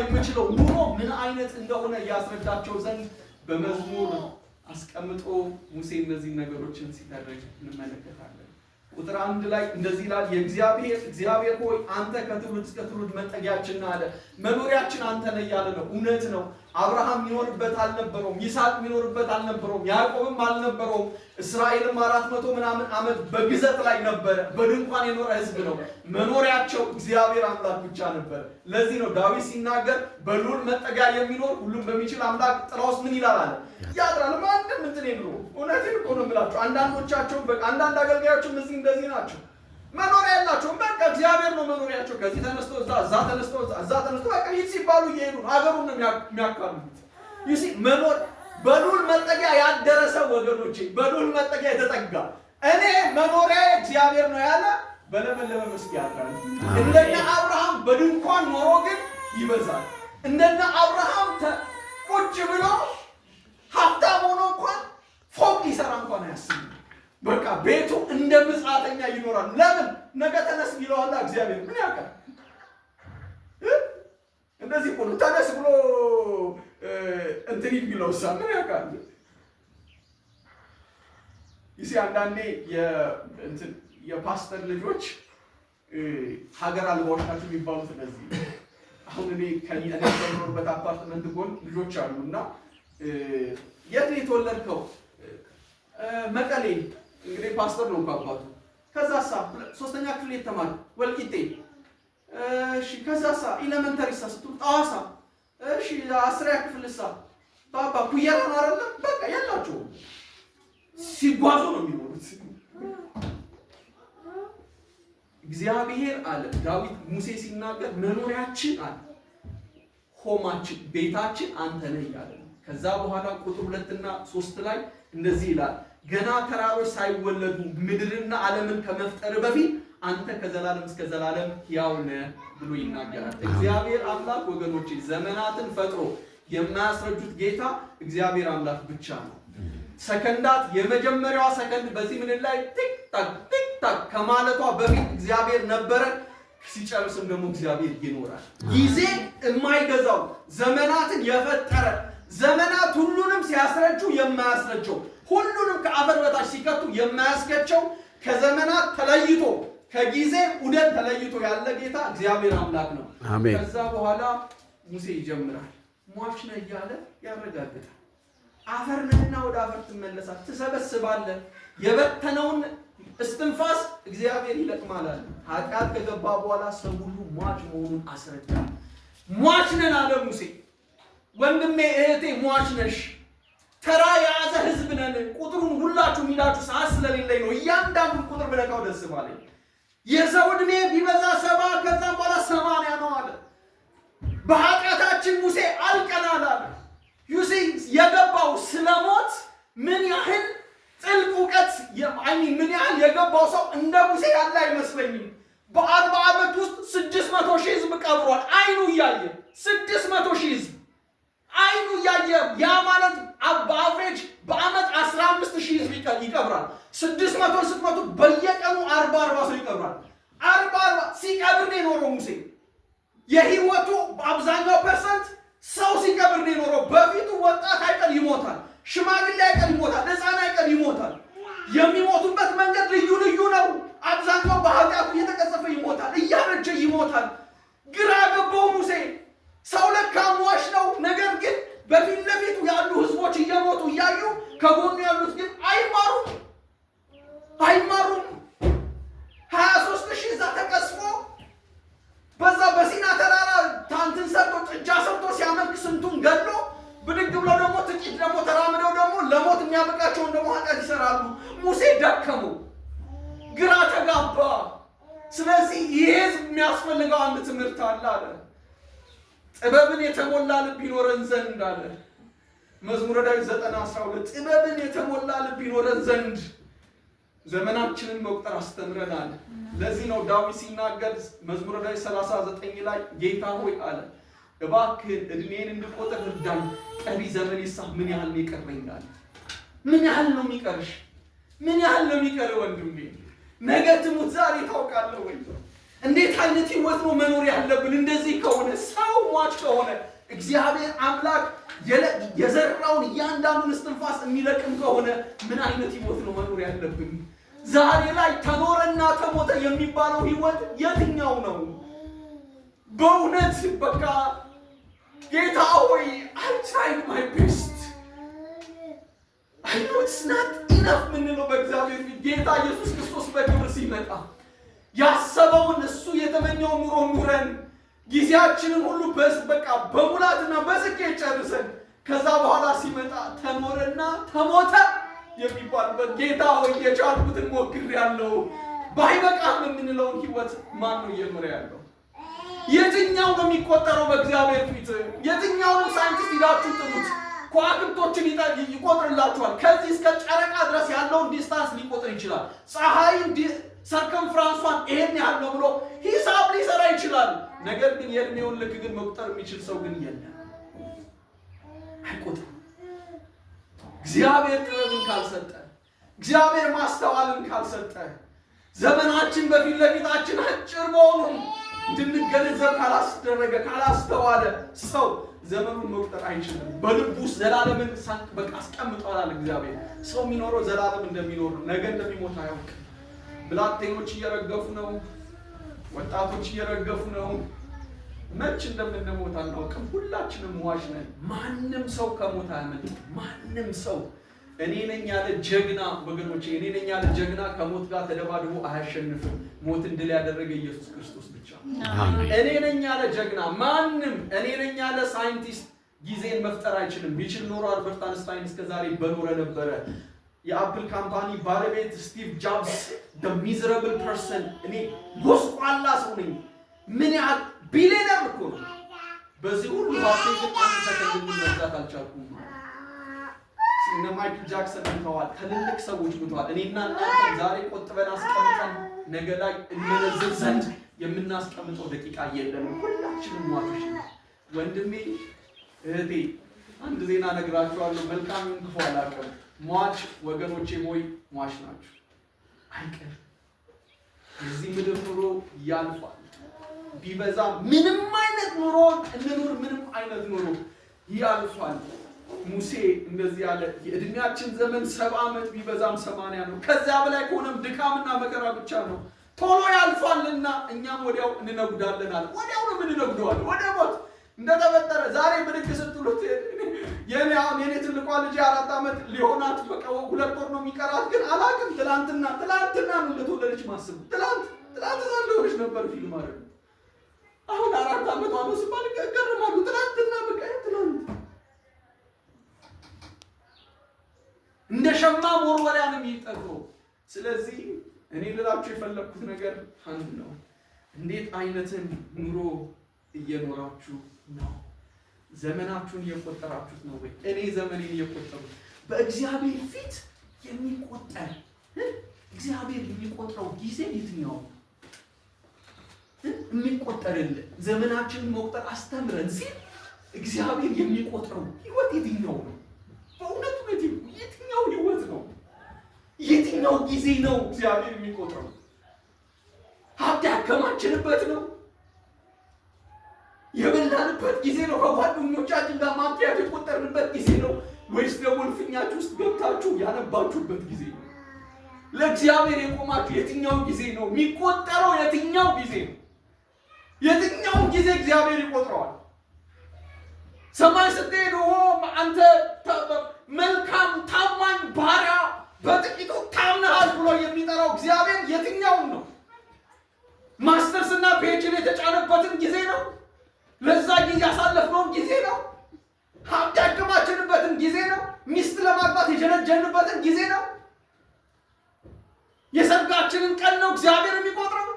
የምችለው ኑሮ ምን አይነት እንደሆነ ያስረዳቸው ዘንድ በመዝሙር አስቀምጦ ሙሴ እነዚህ ነገሮችን ሲተረጅ እንመለከታለን። ቁጥር አንድ ላይ እንደዚህ ይላል፣ የእግዚአብሔር እግዚአብሔር ሆይ አንተ ከትውልድ እስከ ትውልድ መጠጊያችን አለ። መኖሪያችን አንተ ነህ ያለ ነው። እውነት ነው። አብርሃም ይኖርበት አልነበረውም። ይስሐቅ ይኖርበት አልነበረውም። ያዕቆብም አልነበረውም። እስራኤልም አራት መቶ ምናምን ዓመት በግዘት ላይ ነበረ። በድንኳን የኖረ ሕዝብ ነው። መኖሪያቸው እግዚአብሔር አምላክ ብቻ ነበር። ለዚህ ነው ዳዊት ሲናገር በልዑል መጠጊያ የሚኖር ሁሉም በሚችል አምላክ ጥላ ውስጥ ምን ይላል አለ ያድራል። ማንም እንትን የምሮ እውነቴን እኮ ነው የምላቸው። በቃ አንዳንድ አገልጋዮችም እዚህ እንደዚህ ናቸው። መኖሪያ ያላቸውም በቃ እግዚአብሔር ነው መኖሪያቸው። ከዚህ ተነስቶ እዛ፣ እዛ ተነስቶ እዛ፣ ተነስቶ በቃ ይህ ሲባሉ እየሄዱ ነው። ሀገሩን ነው የሚያካሉት። ይህ መኖር በልዑል መጠጊያ ያደረሰ ወገኖቼ፣ በልዑል መጠጊያ የተጠጋ እኔ መኖሪያ እግዚአብሔር ነው ያለ በለመለመ መስክ ያድራል። እንደነ አብርሃም በድንኳን ኖሮ ግን ይበዛል። እንደነ አብርሃም ቁጭ ብሎ ሀብታም ሆኖ እንኳን ፎቅ ይሰራ እንኳን አያስብም። በቃ ቤቱ እንደ ምጽአተኛ ይኖራል። ለምን ነገ ተነስ ይለዋላ እግዚአብሔር ምን ያውቃል? እንደዚህ ሆኖ ተነስ ብሎ እንትን የሚለው እሳ ምን ያውቃል? ይሲ አንዳንዴ የፓስተር ልጆች ሀገር አልባዎች ናቸው የሚባሉት እነዚህ። አሁን እኔ ከምኖርበት አፓርትመንት ጎን ልጆች አሉ እና የት ነው የተወለድከው? መቀሌ እንግዲህ ፓስተር ነው አባቱ። ከዛሳ ሶስተኛ ክፍል የተማረ ወልቂጤ፣ እሺ። ከዛሳ ኢለመንተሪ ሳ ጣዋሳ፣ እሺ። አስሪያ ክፍል ሳ ባባ ኩየራ ማረለ በቃ ያላችሁ ሲጓዙ ነው የሚኖሩት። እግዚአብሔር አለ ዳዊት ሙሴ ሲናገር መኖሪያችን አለ ሆማችን ቤታችን አንተ ነህ እያለ ከዛ በኋላ ቁጥር ሁለትና ሶስት ላይ እንደዚህ ይላል፣ ገና ተራሮች ሳይወለዱ ምድርና ዓለምን ከመፍጠር በፊት አንተ ከዘላለም እስከ ዘላለም ሕያው ነህ ብሎ ይናገራል። እግዚአብሔር አምላክ ወገኖች ዘመናትን ፈጥሮ የማያስረጁት ጌታ እግዚአብሔር አምላክ ብቻ ነው። ሰከንዳት የመጀመሪያዋ ሰከንድ በዚህ ምድር ላይ ቲክታክ ቲክታክ ከማለቷ በፊት እግዚአብሔር ነበረ፣ ሲጨርስም ደግሞ እግዚአብሔር ይኖራል። ጊዜ የማይገዛው ዘመናትን የፈጠረ ዘመናት ሁሉንም ሲያስረጁ የማያስረጀው ሁሉንም ከአፈር በታች ሲከቱ የማያስገቸው ከዘመናት ተለይቶ ከጊዜ ውደን ተለይቶ ያለ ጌታ እግዚአብሔር አምላክ ነው። አሜን። ከዛ በኋላ ሙሴ ይጀምራል። ሟች ነህ እያለ ያረጋግጣል። አፈር ነህና ወደ አፈር ትመለሳል፣ ትሰበስባለህ። የበተነውን እስትንፋስ እግዚአብሔር ይለቅማል አለ። ኃጢአት ከገባ በኋላ ሰው ሁሉ ሟች መሆኑን አስረዳል። ሟች ነን አለ ሙሴ ወንድሜ እህቴ ሟች ነሽ። ተራ የያዘ ህዝብ ነን። ቁጥሩን ሁላችሁ ሚላችሁ ሰዓት ስለሌለኝ ነው። እያንዳንዱ ቁጥር ብለቀው ደስ ባለኝ። የሰው ዕድሜ ቢበዛ ሰባ ከዛም በኋላ ሰማንያ ነው አለ። በኃጢአታችን ሙሴ አልቀናል አለ። ዩሲ የገባው ስለ ሞት ምን ያህል ጥልቅ እውቀት ምን ያህል የገባው ሰው እንደ ሙሴ ያለ አይመስለኝም። በአርባ ዓመት ውስጥ ስድስት መቶ ሺህ ህዝብ ቀብሯል። አይኑ እያየ ስድስት መቶ ሺህ ህዝብ አይኑ እያየ ያ ማለት በአቨሬጅ በአመት 15 ሺህ ህዝብ ይቀብራል። ስድስት መቶ በየቀኑ አርባ አርባ ሰው ይቀብራል። አርባ አርባ ሲቀብር ነው የኖረው ሙሴ የህይወቱ አብዛኛው የተሞላ ልብ ይኖረን ዘንድ አለ መዝሙረ ዳዊት ዘጠና አስራ ሁለት ጥበብን የተሞላ ልብ ይኖረን ዘንድ ዘመናችንን መቁጠር አስተምረናል። ለዚህ ነው ዳዊት ሲናገር መዝሙረ ዳዊት ሰላሳ ዘጠኝ ላይ ጌታ ሆይ አለ እባክህን እድሜን እንድቆጥር እርዳኝ፣ ቀሪ ዘመን ይሳ ምን ያህል ነው ይቀረኛል? ምን ያህል ነው የሚቀርሽ? ምን ያህል ነው የሚቀር ወንድሜ? ነገ ትሙት ዛሬ ታውቃለህ ወይ? እንዴት አይነት ህይወት ነው መኖር ያለብን? እንደዚህ ከሆነ ሰው ሟች ከሆነ እግዚአብሔር አምላክ የዘራውን እያንዳንዱን እስትንፋስ የሚለቅም ከሆነ ምን አይነት ህይወት ነው መኖር ያለብን? ዛሬ ላይ ተኖረና ተሞተ የሚባለው ህይወት የትኛው ነው? በእውነት በቃ ጌታ ሆይ አይ ትራይድ ማይ ቤስት አይ ኖ ኢትስ ናት ኢነፍ ምንለው በእግዚአብሔር ፊት ጌታ ኢየሱስ ክርስቶስ በግብር ሲመጣ ያሰበውን እሱ የተመኘውን ኑሮ ኑረን ጊዜያችንን ሁሉ በቃ በሙላትና በስኬት ጨርሰን ከዛ በኋላ ሲመጣ ተኖረና ተሞተ የሚባልበት ጌታ ሆይ የቻልኩትን ያለው ባይበቃም የምንለውን ህይወት ማን ነው እየኖረ ያለው? የትኛው ነው የሚቆጠረው በእግዚአብሔር ፊት? ነው ሳይንቲስት ሂዳችሁ ጥሩት። ከዋክብቶችን ይቆጥርላችኋል። ከዚህ እስከ ጨረቃ ድረስ ያለውን ዲስታንስ ሊቆጥር ይችላል። ፀሐይን ሰርከምፍራንሷን ይሄን ያህል ነው ብሎ ሂሳብ ሊሰራ ይችላል። ነገር ግን የእድሜውን ልክ ግን መቁጠር የሚችል ሰው ግን የለም፣ አይቆጥርም። እግዚአብሔር ጥበብን ካልሰጠ፣ እግዚአብሔር ማስተዋልን ካልሰጠ፣ ዘመናችን በፊት ለፊታችን አጭር መሆኑን እንድንገነዘብ ካላስደረገ ካላስተዋለ ሰው ዘመኑን መቁጠር አይችልም። በልቡ ውስጥ ዘላለምን በቃ አስቀምጠዋል እግዚአብሔር። ሰው የሚኖረው ዘላለም እንደሚኖር ነገ እንደሚሞት አያውቅም። ብላቴኖች እየረገፉ ነው። ወጣቶች እየረገፉ ነው። መች እንደምንሞት አናውቅም። ሁላችንም ዋሽ ነን። ማንም ሰው ከሞት አያመልጥ። ማንም ሰው እኔ ነኝ ያለ ጀግና ወገኖች፣ እኔ ነኝ ያለ ጀግና ከሞት ጋር ተደባድቦ አያሸንፍም። ሞትን ድል ያደረገ ኢየሱስ ክርስቶስ ብቻ። እኔ ነኝ ያለ ጀግና ማንም፣ እኔ ነኝ ያለ ሳይንቲስት ጊዜን መፍጠር አይችልም። ይችል ኖሮ አልበርት አንስታይን እስከዛሬ በኖረ ነበረ። የአፕል ካምፓኒ ባለቤት ስቲቭ ጃብስ ደ ሚዘረብል ፐርሰን፣ እኔ ጎስቋላ ሰው ነኝ። ምን ያህል ቢሊየነር እኮ ነው። በዚህ ሁሉ ሀብቴ ግን አንድ ሰከንድ መግዛት አልቻልኩም። እነ ማይክል ጃክሰን ሙተዋል፣ ትልልቅ ሰዎች ሙተዋል። እኔና እናንተ ዛሬ ቆጥበን አስቀምጠን ነገ ላይ እንመነዝር ዘንድ የምናስቀምጠው ደቂቃ የለንም። ሁላችንም ዋቶች ነው። ወንድሜ እህቴ፣ አንድ ዜና ነግራችኋለሁ። መልካም ክፉ አላውቅም። ሟች ወገኖቼ ሞይ ሟች ናችሁ። አይቀር የዚህ ምድር ኑሮ ያልፋል። ቢበዛ ምንም አይነት ኑሮ እንኑር፣ ምንም አይነት ኑሮ ያልፋል። ሙሴ እንደዚህ ያለ የእድሜያችን ዘመን ሰባ ዓመት ቢበዛም ሰማንያ ነው። ከዚያ በላይ ከሆነም ድካምና መከራ ብቻ ነው። ቶሎ ያልፋልና እኛም ወዲያው እንነጉዳለን አለ። ወዲያው ነው የምንነጉደዋል ወደ ሞት እንደተፈጠረ ዛሬ ብድግ ስትሉት የኔ አሁን የኔ ትልቋ ልጅ አራት ዓመት ሊሆናት በቃ ሁለት ወር ነው የሚቀራት፣ ግን አላውቅም። ትላንትና ትላንትና ነው እንደተወለደች ማስቡ ትላንት ትላንት ዛ እንደሆነች ነበር ፊልም አለ አሁን አራት ዓመት ዋኖ ስባል ገርማሉ። ትላንትና በቃ ትላንት እንደ ሸማ መወርወሪያ ነው የሚጠቅመው። ስለዚህ እኔ ልላችሁ የፈለግኩት ነገር አንድ ነው። እንዴት አይነትን ኑሮ እየኖራችሁ ነው? ዘመናችሁን የቆጠራችሁት ነው ወይ? እኔ ዘመኔን የቆጠሩት በእግዚአብሔር ፊት የሚቆጠር እግዚአብሔር የሚቆጥረው ጊዜ የትኛው የሚቆጠርልን ዘመናችንን መቁጠር አስተምረን ሲል እግዚአብሔር የሚቆጥረው ህይወት የትኛው ነው? በእውነቱ የትኛው ህይወት ነው? የትኛው ጊዜ ነው እግዚአብሔር የሚቆጥረው? ሀብት ያከማችንበት ነው የበላንበት ጊዜ ነው። ከጓደኞቻችን ጋር ማፍያት የቆጠርንበት ጊዜ ነው ወይስ ደግሞ ውስጥ ገብታችሁ ያነባችሁበት ጊዜ ነው? ለእግዚአብሔር የቆማችሁ የትኛው ጊዜ ነው? የሚቆጠረው የትኛው ጊዜ ነው? የትኛው ጊዜ እግዚአብሔር ይቆጥረዋል? ሰማይ ስትሄድ አንተ መልካም ታማኝ ባሪያ በጥቂቱ ታምነሃል ብሎ የሚጠራው እግዚአብሔር የትኛውን ነው? የተጀነጀንበትን ጊዜ ነው። የሰርጋችንን ቀን ነው እግዚአብሔር የሚቆጥረው።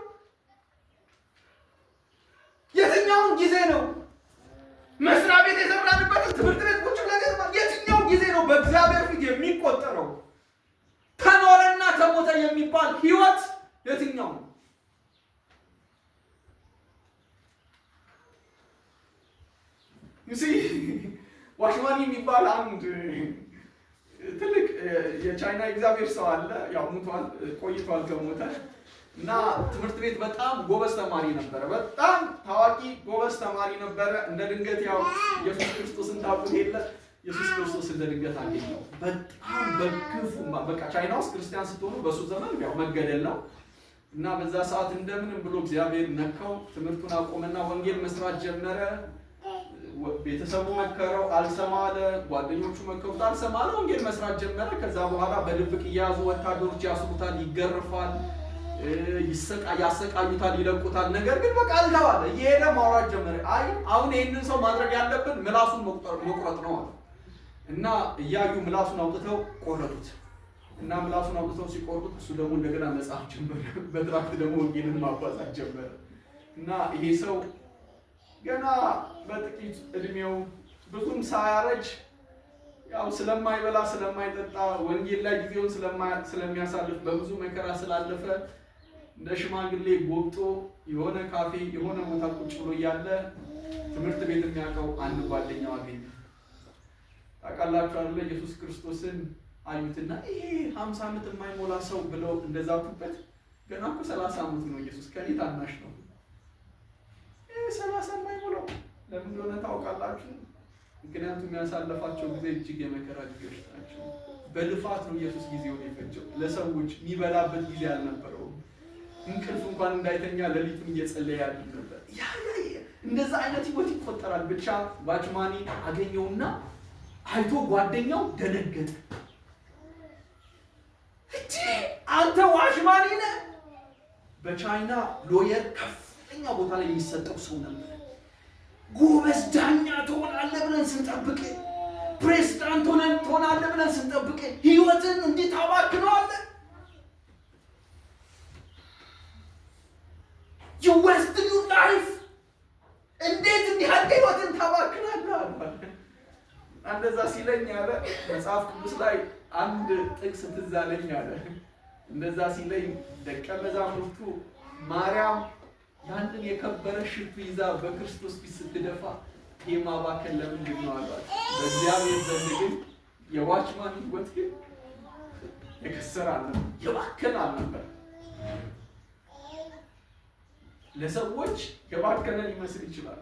የትኛውን ጊዜ ነው? መስሪያ ቤት የሰራንበትን ትምህርት ቤት ቁጭ ብለን የትኛውን ጊዜ ነው በእግዚአብሔር ፊት የሚቆጠረው? ተኖረና ተሞተ የሚባል ህይወት የትኛው ነው? ዋሽማኒ የሚባል አንድ ትልቅ የቻይና እግዚአብሔር ሰው አለ። ያው ሙቷል፣ ቆይቷል ከሞተ እና ትምህርት ቤት በጣም ጎበዝ ተማሪ ነበረ። በጣም ታዋቂ ጎበዝ ተማሪ ነበረ። እንደ ድንገት ያው ኢየሱስ ክርስቶስ እንዳቁ የለ ኢየሱስ ክርስቶስ እንደ ድንገት አገኘው። በጣም በክፉ በቃ ቻይና ውስጥ ክርስቲያን ስትሆኑ በሱ ዘመን ያው መገደል ነው እና በዛ ሰዓት እንደምንም ብሎ እግዚአብሔር ነካው። ትምህርቱን አቆመና ወንጌል መስራት ጀመረ። ቤተሰቡ መከረው አልሰማ አለ። ጓደኞቹ መከሩት አልሰማ አለ። ወንጌል መስራት ጀመረ። ከዛ በኋላ በድብቅ እየያዙ ወታደሮች ያስሩታል፣ ይገርፋል፣ ያሰቃዩታል፣ ይለቁታል። ነገር ግን በቃ አልተባለ እየሄደ ማውራት ጀመረ። አይ አሁን ይህንን ሰው ማድረግ ያለብን ምላሱን መቁረጥ ነው አለ እና እያዩ ምላሱን አውጥተው ቆረጡት እና ምላሱን አውጥተው ሲቆርጡት እሱ ደግሞ እንደገና መጽሐፍ ጀመረ። በትራክት ደግሞ ወንጌልን ማባዛት ጀመረ እና ይሄ ሰው ገና በጥቂት እድሜው ብዙም ሳያረጅ ያው ስለማይበላ ስለማይጠጣ ወንጌል ላይ ጊዜውን ስለሚያሳልፍ በብዙ መከራ ስላለፈ እንደ ሽማግሌ ጎብጦ የሆነ ካፌ የሆነ ቦታ ቁጭ ብሎ እያለ ትምህርት ቤት የሚያውቀው አንድ ጓደኛው አገኘ። ታውቃላችሁ ኢየሱስ ክርስቶስን አዩትና ይሄ ሀምሳ ዓመት የማይሞላ ሰው ብለው እንደዛቱበት ገና እኮ ሰላሳ ዓመት ነው፣ ኢየሱስ ከኔ ታናሽ ነው ሰላሳ የማይሞላው ለምን እንደሆነ ታውቃላችሁ? ምክንያቱም ያሳለፋቸው ጊዜ እጅግ የመከራ ጊዜዎች ናቸው። በልፋት ነው ኢየሱስ ጊዜውን የፈጀው። ለሰዎች የሚበላበት ጊዜ አልነበረውም። እንቅልፍ እንኳን እንዳይተኛ ሌሊቱን እየጸለየ ያድር ነበር። እንደዛ አይነት ህይወት ይቆጠራል። ብቻ ዋችማኔ አገኘውና አይቶ ጓደኛው ደነገጠ። አንተ ዋችማኔ ነህ? በቻይና ሎየር ከፍ ከፍተኛ ቦታ ላይ የሚሰጠው ሰው ነበር። ጎበዝ ዳኛ ትሆናለህ ብለን ስንጠብቅ፣ ፕሬዝዳንት ሆነን ትሆናለህ ብለን ስንጠብቅ፣ ህይወትን እንዴት አባክነዋለን? you waste እንዴት እንዲህ ህይወትን ታባክናለህ? እንደዛ ሲለኝ አለ መጽሐፍ ቅዱስ ላይ አንድ ጥቅስ ትዝ አለኝ አለ እንደዛ ሲለኝ ደቀ መዛሙርቱ ማርያም ያንን የከበረ ሽቱ ይዛ በክርስቶስ ፊት ስትደፋ ቴማ ማባከን ለምንድን ነው አሏት። በእግዚአብሔር ዘንድ ግን የዋችማን ሕይወት ግን የከሰረ አልነበር፣ የባከል አልነበር። ለሰዎች የባከነ ሊመስል ይችላል።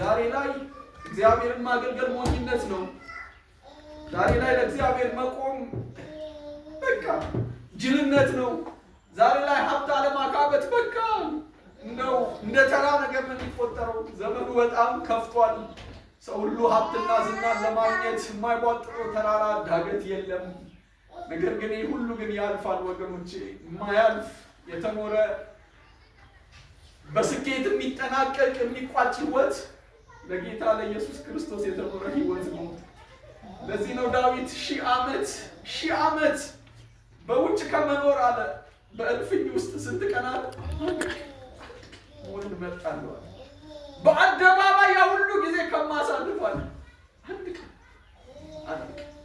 ዛሬ ላይ እግዚአብሔርን ማገልገል ሞኝነት ነው። ዛሬ ላይ ለእግዚአብሔር መቆም በቃ ጅልነት ነው። ዛሬ ላይ ሀብት አለማካበት በቃ እንደው እንደ ተራ ነገር ነው የሚቆጠረው። ዘመኑ በጣም ከፍቷል። ሰው ሁሉ ሀብትና ዝናን ለማግኘት የማይቧጥጠው ተራራ ዳገት የለም። ነገር ግን ይህ ሁሉ ግን ያልፋል ወገኖቼ። የማያልፍ የተኖረ በስኬት የሚጠናቀቅ የሚቋጭ ህይወት ለጌታ ለኢየሱስ ክርስቶስ የተኖረ ህይወት ነው። ለዚህ ነው ዳዊት ሺህ ዓመት ሺህ ዓመት በውጭ ከመኖር አለ በእልፍኝ ውስጥ ስንት ቀናት ወንድ መጣለዋል። በአደባባይ ያ ሁሉ ጊዜ ከማሳልፏል አንድ ቀን አንድ ቀን